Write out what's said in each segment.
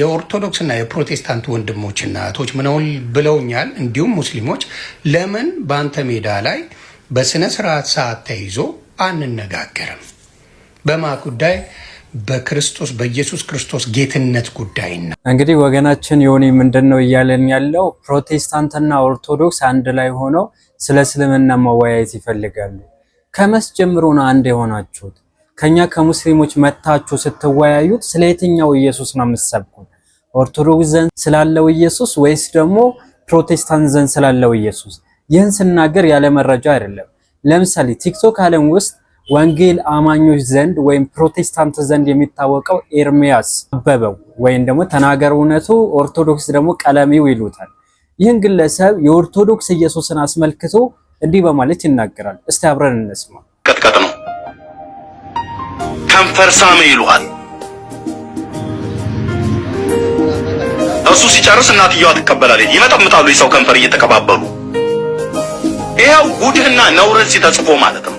የኦርቶዶክስና የፕሮቴስታንት ወንድሞችና እህቶች ምነውል ብለውኛል። እንዲሁም ሙስሊሞች ለምን በአንተ ሜዳ ላይ በስነ ስርዓት ሰዓት ተይዞ አንነጋገርም? በማ ጉዳይ? በክርስቶስ በኢየሱስ ክርስቶስ ጌትነት ጉዳይና እንግዲህ ወገናችን የሆነ ምንድን ነው እያለን ያለው ፕሮቴስታንትና ኦርቶዶክስ አንድ ላይ ሆነው ስለ እስልምና መወያየት ይፈልጋሉ። ከመስ ጀምሮ ነው አንድ የሆናችሁት ከኛ ከሙስሊሞች መታችሁ ስትወያዩት ስለ የትኛው ኢየሱስ ነው የምትሰብኩት? ኦርቶዶክስ ዘንድ ስላለው ኢየሱስ ወይስ ደግሞ ፕሮቴስታንት ዘንድ ስላለው ኢየሱስ? ይህን ስናገር ያለ መረጃ አይደለም። ለምሳሌ ቲክቶክ ዓለም ውስጥ ወንጌል አማኞች ዘንድ ወይም ፕሮቴስታንት ዘንድ የሚታወቀው ኤርሚያስ አበበው ወይም ደግሞ ተናገር እውነቱ፣ ኦርቶዶክስ ደግሞ ቀለሜው ይሉታል። ይህን ግለሰብ የኦርቶዶክስ ኢየሱስን አስመልክቶ እንዲህ በማለት ይናገራል። እስቲ አብረን እንስማ። ከንፈር ሳመ ይሉሃል። እሱ ሲጨርስ እናትየዋ ትቀበላለች። ይመጠምጣሉ፣ የሰው ከንፈር እየተቀባበሉ። ይሄው ጉድህና ነውረት ሲተጽፎ ማለት ነው።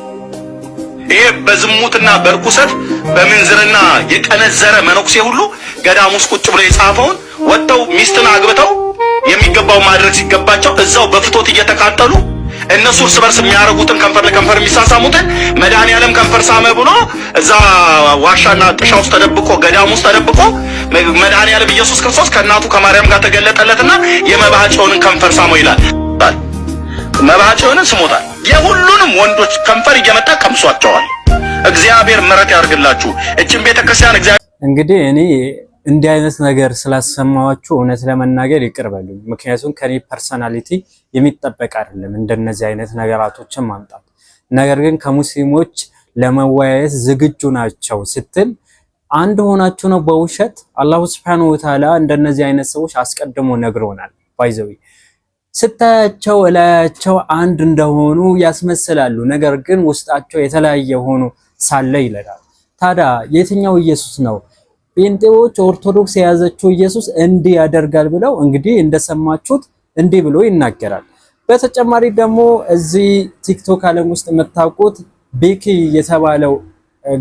ይሄ በዝሙትና በርኩሰት በምንዝርና የቀነዘረ መነኩሴ ሁሉ ገዳም ውስጥ ቁጭ ብሎ የጻፈውን ወጥተው ሚስትን አግብተው የሚገባው ማድረግ ሲገባቸው እዛው በፍቶት እየተቃጠሉ እነሱ እርስ በርስ የሚያረጉትን ከንፈር ለከንፈር የሚሳሳሙትን መድኃኔ ዓለም ከንፈር ሳመ ብሎ እዛ ዋሻና ጥሻ ውስጥ ተደብቆ ገዳም ውስጥ ተደብቆ መድኃኔ ኢየሱስ ክርስቶስ ከእናቱ ከማርያም ጋር ተገለጠለትና የመባዓ ከንፈር ሳመው ይላል። መባዓ ስሞታል። የሁሉንም ወንዶች ከንፈር እየመጣ ቀምሷቸዋል። እግዚአብሔር ምሕረት ያድርግላችሁ። እችን ቤተክርስቲያን እግዚአብሔር እንግዲህ እኔ እንዲህ አይነት ነገር ስላሰማዋችሁ እውነት ለመናገር ይቅር ምክንያቱም ከኔ ፐርሰናሊቲ የሚጠበቅ አይደለም እንደነዚህ አይነት ነገራቶችን ማምጣት። ነገር ግን ከሙስሊሞች ለመወያየት ዝግጁ ናቸው ስትል አንድ ሆናችሁ ነው በውሸት አላሁ ስብሐነሁ ወተዓላ እንደነዚህ አይነት ሰዎች አስቀድሞ ነግሮናል። ባይዘዊ ስታያቸው እላያቸው አንድ እንደሆኑ ያስመስላሉ፣ ነገር ግን ውስጣቸው የተለያየ ሆኑ ሳለ ይለናል። ታዲያ የትኛው ኢየሱስ ነው ጴንጤዎች ኦርቶዶክስ የያዘችው ኢየሱስ እንዲህ ያደርጋል ብለው እንግዲህ እንደሰማችሁት እንዲህ ብሎ ይናገራል። በተጨማሪ ደግሞ እዚህ ቲክቶክ ዓለም ውስጥ የምታውቁት ቤኪ የተባለው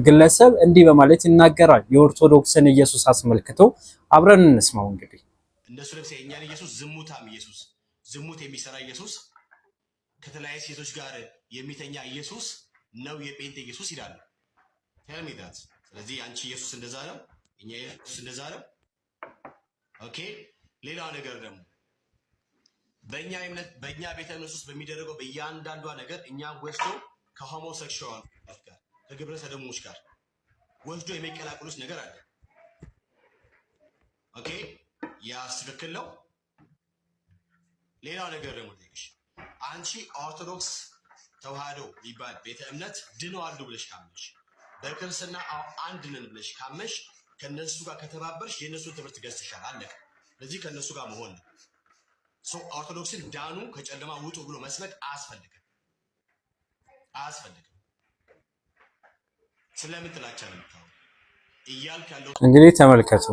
ግለሰብ እንዲህ በማለት ይናገራል። የኦርቶዶክስን ኢየሱስ አስመልክቶ አብረን እንስማው። እንግዲህ እንደሱ ለምሳሌ የእኛን ኢየሱስ ዝሙታም ኢየሱስ ዝሙት የሚሰራ ኢየሱስ ከተለያዩ ሴቶች ጋር የሚተኛ ኢየሱስ ነው የጴንጤ ኢየሱስ ይላሉ። ስለዚህ አንቺ ኢየሱስ እንደዛ ነው እኛ ኢየሱስ እንደዛ ነው። ኦኬ። ሌላው ነገር ደግሞ በእኛ እምነት በእኛ ቤተ እምነት ውስጥ በሚደረገው በእያንዳንዷ ነገር እኛ ወስዶ ከሆሞሴክሹዋል ጋር ከግብረ ሰዶሞች ጋር ወስዶ የሚቀላቅሉት ነገር አለ። ኦኬ። ያ ትክክል ነው። ሌላ ነገር ደግሞ ልጅ አንቺ ኦርቶዶክስ ተዋህዶ የሚባል ቤተ እምነት ድነዋሉ ብለሽ ካመሽ በክርስትና አንድ ነን ብለሽ ካመሽ ከነሱ ጋር ከተባበርሽ የእነሱን ትምህርት ገዝተሻል። አለቀ። ስለዚህ ከእነሱ ጋር መሆን ነው። ሰው ኦርቶዶክስን ዳኑ ከጨለማ ውጡ ብሎ መስበክ አያስፈልግም አያስፈልግም። ስለምን ጥላቻ ነው እያልክ ያለው? እንግዲህ ተመልከቱ።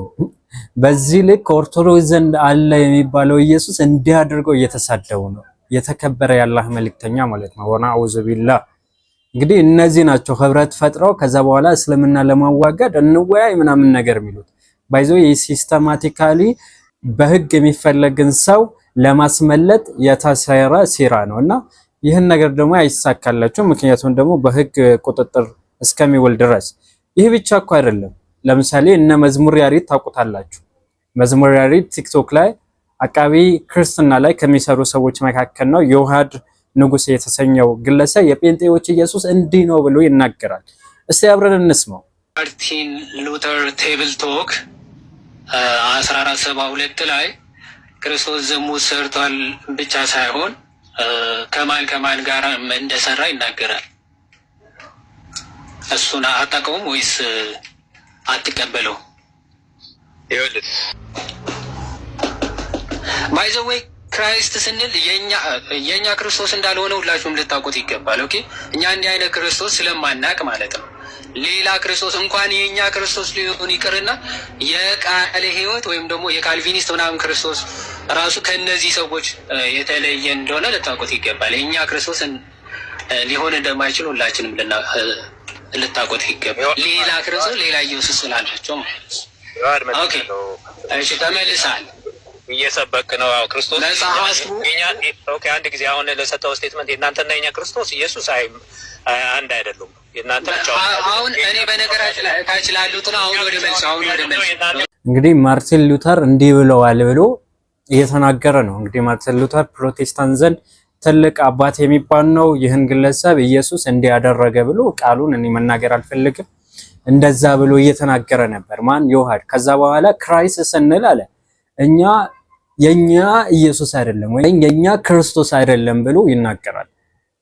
በዚህ ልክ ኦርቶዶክስ ዘንድ አለ የሚባለው ኢየሱስ እንዲህ አድርገው እየተሳደቡ ነው። የተከበረ ያላህ መልክተኛ ማለት ነው ወና አውዙ ቢላህ እንግዲህ እነዚህ ናቸው ህብረት ፈጥረው ከዛ በኋላ እስልምና ለማዋገድ እንወያይ ምናምን ነገር የሚሉት ባይዞ ሲስተማቲካሊ በህግ የሚፈለግን ሰው ለማስመለጥ የታሰረ ሴራ ነው እና ይህን ነገር ደግሞ አይሳካላቸው። ምክንያቱም ደግሞ በህግ ቁጥጥር እስከሚውል ድረስ። ይህ ብቻ እኮ አይደለም። ለምሳሌ እነ መዝሙር ያሬድ ታውቁታላችሁ። መዝሙር ያሬድ ቲክቶክ ላይ አቃቢ ክርስትና ላይ ከሚሰሩ ሰዎች መካከል ነው የውሃድ ንጉሴ የተሰኘው ግለሰብ የጴንጤዎች ኢየሱስ እንዲህ ነው ብሎ ይናገራል። እስቲ አብረን እንስማው። ማርቲን ሉተር ቴብል ቶክ 1472 ላይ ክርስቶስ ዝሙት ሰርቷል ብቻ ሳይሆን ከማን ከማን ጋር እንደሰራ ይናገራል። እሱን አታውቀውም ወይስ አትቀበለው? ይኸውልህ ባይዘወይ ክራይስት ስንል የእኛ ክርስቶስ እንዳልሆነ ሁላችሁም ልታውቁት ይገባል። ኦኬ እኛ እንዲህ አይነት ክርስቶስ ስለማናቅ ማለት ነው። ሌላ ክርስቶስ እንኳን የእኛ ክርስቶስ ሊሆን ይቅርና የቃለ ሕይወት ወይም ደግሞ የካልቪኒስት ምናምን ክርስቶስ ራሱ ከእነዚህ ሰዎች የተለየ እንደሆነ ልታውቁት ይገባል። የእኛ ክርስቶስ ሊሆን እንደማይችል ሁላችንም ልታውቁት ይገባል። ሌላ ክርስቶስ ሌላ ኢየሱስ ስላላቸው ማለት ነው። ተመልሳል እየሰበክ ነው። ያው ክርስቶስ አንድ ጊዜ አሁን ለሰጠው ስቴትመንት የእናንተና የኛ ክርስቶስ ኢየሱስ አይም አንድ አይደሉም። የእናንተ አሁን እኔ በነገራችን ላይ ታች ላሉት አሁን ወደ መልስ አሁን ወደ መልስ እንግዲህ ማርቲን ሉተር እንዲህ ብለዋል ብሎ እየተናገረ ነው። እንግዲህ ማርቲን ሉተር ፕሮቴስታንት ዘንድ ትልቅ አባት የሚባል ነው። ይህን ግለሰብ ኢየሱስ እንዲያደረገ ብሎ ቃሉን እኔ መናገር አልፈልግም። እንደዛ ብሎ እየተናገረ ነበር። ማን ዮሐድ። ከዛ በኋላ ክራይስ ስንል አለ እኛ የኛ ኢየሱስ አይደለም ወይም የኛ ክርስቶስ አይደለም ብሎ ይናገራል።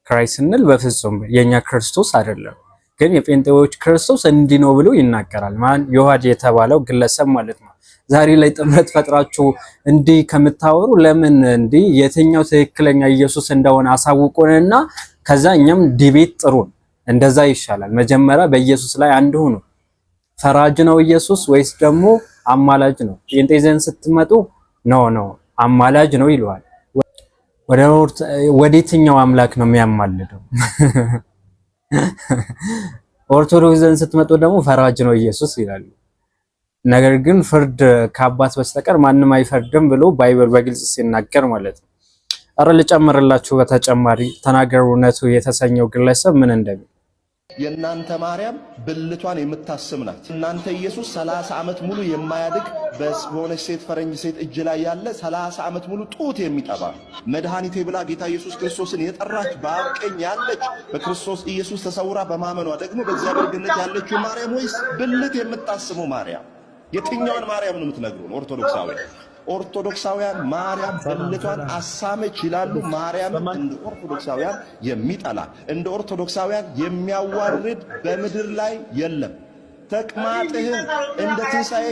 ክራይስት ስንል በፍጹም የኛ ክርስቶስ አይደለም፣ ግን የጴንጤዎች ክርስቶስ እንዲህ ነው ብሎ ይናገራል። ማን ዮሐድ የተባለው ግለሰብ ማለት ነው። ዛሬ ላይ ጥምረት ፈጥራችሁ እንዲህ ከምታወሩ ለምን እንዲህ የትኛው ትክክለኛ ኢየሱስ እንደሆነ አሳውቁንና ከዛ እኛም ዲቤት ጥሩን። እንደዛ ይሻላል። መጀመሪያ በኢየሱስ ላይ አንድ ሁኑ። ፈራጅ ነው ኢየሱስ ወይስ ደግሞ አማላጅ ነው። ጴንጤ ዘንድ ስትመጡ ኖ ኖ አማላጅ ነው ይለዋል። ወደ የትኛው አምላክ ነው የሚያማልደው? ኦርቶዶክስ ዘንድ ስትመጡ ደግሞ ፈራጅ ነው ኢየሱስ ይላሉ። ነገር ግን ፍርድ ከአባት በስተቀር ማንም አይፈርድም ብሎ ባይብል በግልጽ ሲናገር ማለት ነው። አረ ልጨምርላችሁ በተጨማሪ ተናገሩነቱ እውነቱ የተሰኘው ግለሰብ ምን እንደሚል የእናንተ ማርያም ብልቷን የምታስም ናት። እናንተ ኢየሱስ ሰላሳ ዓመት ሙሉ የማያድግ በሆነች ሴት ፈረንጅ ሴት እጅ ላይ ያለ 30 ዓመት ሙሉ ጡት የሚጠባ መድኃኒቴ ብላ ጌታ ኢየሱስ ክርስቶስን የጠራች በአብ ቀኝ ያለች በክርስቶስ ኢየሱስ ተሰውራ በማመኗ ደግሞ በእግዚአብሔር ገነት ያለችው ማርያም ወይስ ብልት የምታስመው ማርያም? የትኛውን ማርያም ነው የምትነግሩን ኦርቶዶክሳዊ? ኦርቶዶክሳውያን ማርያም ብልቷን አሳመች ይላሉ። ማርያም እንደ ኦርቶዶክሳውያን የሚጠላ እንደ ኦርቶዶክሳውያን የሚያዋርድ በምድር ላይ የለም። ተቅማጥህን እንደ ትንሣኤ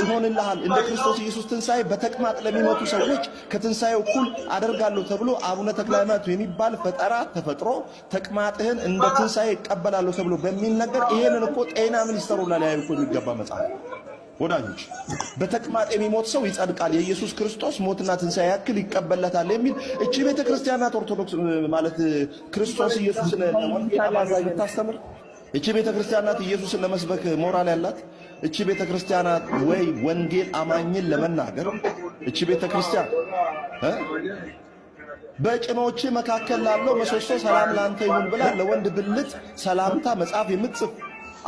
ይሆንልሃል። እንደ ክርስቶስ ኢየሱስ ትንሣኤ በተቅማጥ ለሚመቱ ሰዎች ከትንሣኤ እኩል አደርጋለሁ ተብሎ አቡነ ተክለ ሃይማኖት የሚባል ፈጠራ ተፈጥሮ ተቅማጥህን እንደ ትንሣኤ ይቀበላለሁ ተብሎ በሚነገር ይሄንን እኮ ጤና ሚኒስተሩ ላይ ያዩ እኮ የሚገባ መጽሐፍ ወዳጆች በተቅማጥ የሚሞት ሰው ይጸድቃል፣ የኢየሱስ ክርስቶስ ሞትና ትንሣኤ ያክል ይቀበለታል የሚል እቺ ቤተ ክርስቲያን ናት። ኦርቶዶክስ ማለት ክርስቶስ ኢየሱስን የምታስተምር እቺ ቤተ ክርስቲያን ናት። ኢየሱስን ለመስበክ ሞራል ያላት እቺ ቤተ ክርስቲያን ናት። ወይ ወንጌል አማኝን ለመናገር እቺ ቤተ ክርስቲያን በጭኖች መካከል ላለው መሰሶ ሰላም ላንተ ይሁን ብላ ለወንድ ብልት ሰላምታ መጽሐፍ የምትጽፍ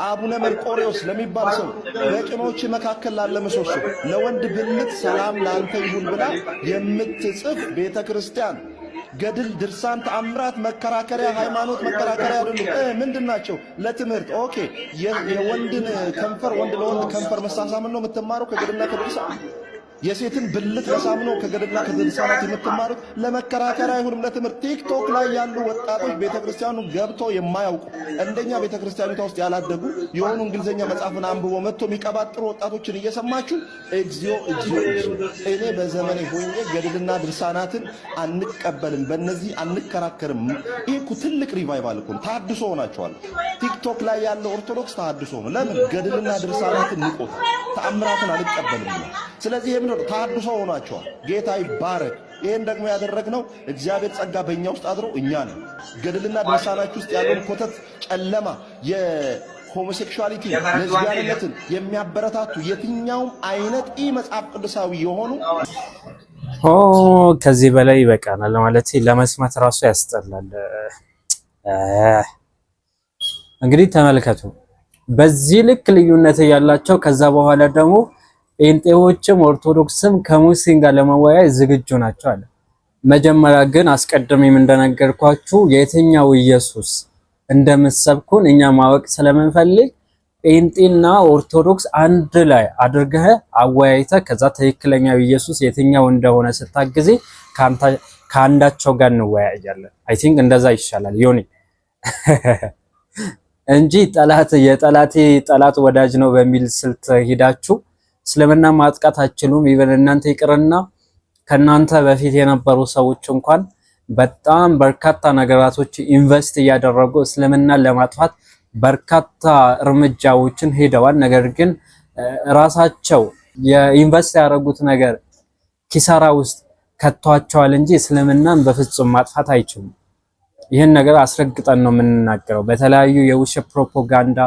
አቡነ መርቆሬዎስ ለሚባል ሰው በቅኖች መካከል ላለ ምሰሶ ለወንድ ብልት ሰላም ለአንተ ይሁን ብላ የምትጽፍ ቤተ ክርስቲያን ገድል፣ ድርሳን፣ ተአምራት መከራከሪያ ሃይማኖት መከራከሪያ አይደሉም። ምንድን ናቸው? ለትምህርት ኦኬ። የወንድን ከንፈር ወንድ ለወንድ ከንፈር መሳሳምን ነው የምትማረው ከገድልና ከድርሳን የሴትን ብልት ተሳምኖ ከገደልና ከድርሳናት የምትማሩት ለመከራከር አይሁንም ለትምህርት። ቲክቶክ ላይ ያሉ ወጣቶች ቤተክርስቲያኑ ገብቶ የማያውቁ እንደኛ ቤተክርስቲያኒቷ ውስጥ ያላደጉ የሆኑ እንግሊዝኛ መጽሐፍን አንብቦ መጥቶ የሚቀባጥሩ ወጣቶችን እየሰማችሁ እግዚኦ እግዚኦ። እኔ በዘመኔ ሆኜ ገድልና ድርሳናትን አንቀበልም፣ በእነዚህ አንከራከርም። ይህ እኮ ትልቅ ሪቫይቫል እኮ ታድሶ ሆናቸዋል። ቲክቶክ ላይ ያለው ኦርቶዶክስ ታድሶ ነው። ለምን ገድልና ድርሳናትን ንቆታል። ተአምራትን አልቀበልም ነው ስለዚህ የምድር ታድሶ ሆናችኋል። ጌታ ይባረክ። ይህን ደግሞ ያደረግነው እግዚአብሔር ጸጋ በእኛ ውስጥ አድሮ እኛ ነው ገድልና ድርሳናችሁ ውስጥ ያለውን ኮተት ጨለማ ሆሞሴክሹዋሊቲ ለዝቢያንነትን የሚያበረታቱ የትኛውም አይነት ኢ መጽሐፍ ቅዱሳዊ የሆኑ ኦ ከዚህ በላይ ይበቃናል። ማለት ለመስማት ራሱ ያስጠላል። እንግዲህ ተመልከቱ፣ በዚህ ልክ ልዩነት ያላቸው ከዛ በኋላ ደግሞ ጴንጤዎችም ኦርቶዶክስም ከሙስሊም ጋር ለመወያየት ዝግጁ ናቸው አለ። መጀመሪያ ግን አስቀድሜም እንደነገርኳችሁ የትኛው ኢየሱስ እንደምትሰብኩን እኛ ማወቅ ስለምንፈልግ ጴንጤና ኦርቶዶክስ አንድ ላይ አድርገህ አወያይተ ከዛ ትክክለኛው ኢየሱስ የትኛው እንደሆነ ስታግዜ ከአንዳቸው ጋር እንወያያለን። አይ ቲንክ እንደዛ ይሻላል ዮኒ እንጂ ጠላት የጠላቴ ጠላት ወዳጅ ነው በሚል ስልት ሂዳችሁ እስልምና ማጥቃት አችሉም። ይበል እናንተ ይቅርና ከእናንተ በፊት የነበሩ ሰዎች እንኳን በጣም በርካታ ነገራቶች ኢንቨስት እያደረጉ እስልምና ለማጥፋት በርካታ እርምጃዎችን ሄደዋል። ነገር ግን ራሳቸው የኢንቨስት ያደረጉት ነገር ኪሳራ ውስጥ ከቷቸዋል እንጂ እስልምናን በፍጹም ማጥፋት አይችሉም። ይህን ነገር አስረግጠን ነው የምንናገረው። በተለያዩ የውሸት ፕሮፓጋንዳ፣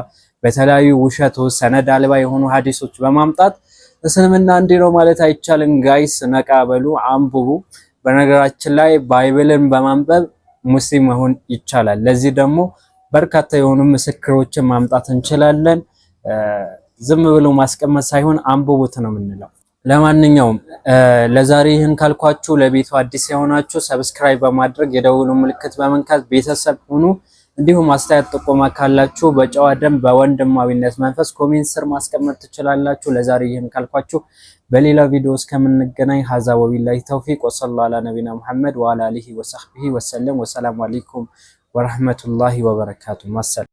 በተለያዩ ውሸት ሰነድ አልባ የሆኑ ሀዲሶች በማምጣት እስልምና እንዲ ነው ማለት አይቻልም። ጋይስ ነቃበሉ በሉ አንብቡ። በነገራችን ላይ ባይብልን በማንበብ ሙስሊም መሆን ይቻላል። ለዚህ ደግሞ በርካታ የሆኑ ምስክሮችን ማምጣት እንችላለን። ዝም ብሎ ማስቀመጥ ሳይሆን አንብቡት ነው የምንለው። ለማንኛውም ለዛሬ ይህን ካልኳችሁ፣ ለቤቱ አዲስ የሆናችሁ ሰብስክራይብ በማድረግ የደውሉ ምልክት በመንካት ቤተሰብ ሁኑ። እንዲሁም አስተያየት ጥቆማ ካላችሁ በጨዋ ደንብ በወንድማዊነት መንፈስ ኮሜንት ስር ማስቀመጥ ትችላላችሁ። ለዛሬ ይህን ካልኳችሁ በሌላ ቪዲዮ እስከምንገናኝ ሀዛ ወቢላሂ ተውፊቅ ወሰላ አላ ነቢና ሙሐመድ ወአላ አሊሂ ወሰህቢሂ ወሰለም። ወሰላሙ አለይኩም ወረህመቱላሂ ወበረካቱ ማሰል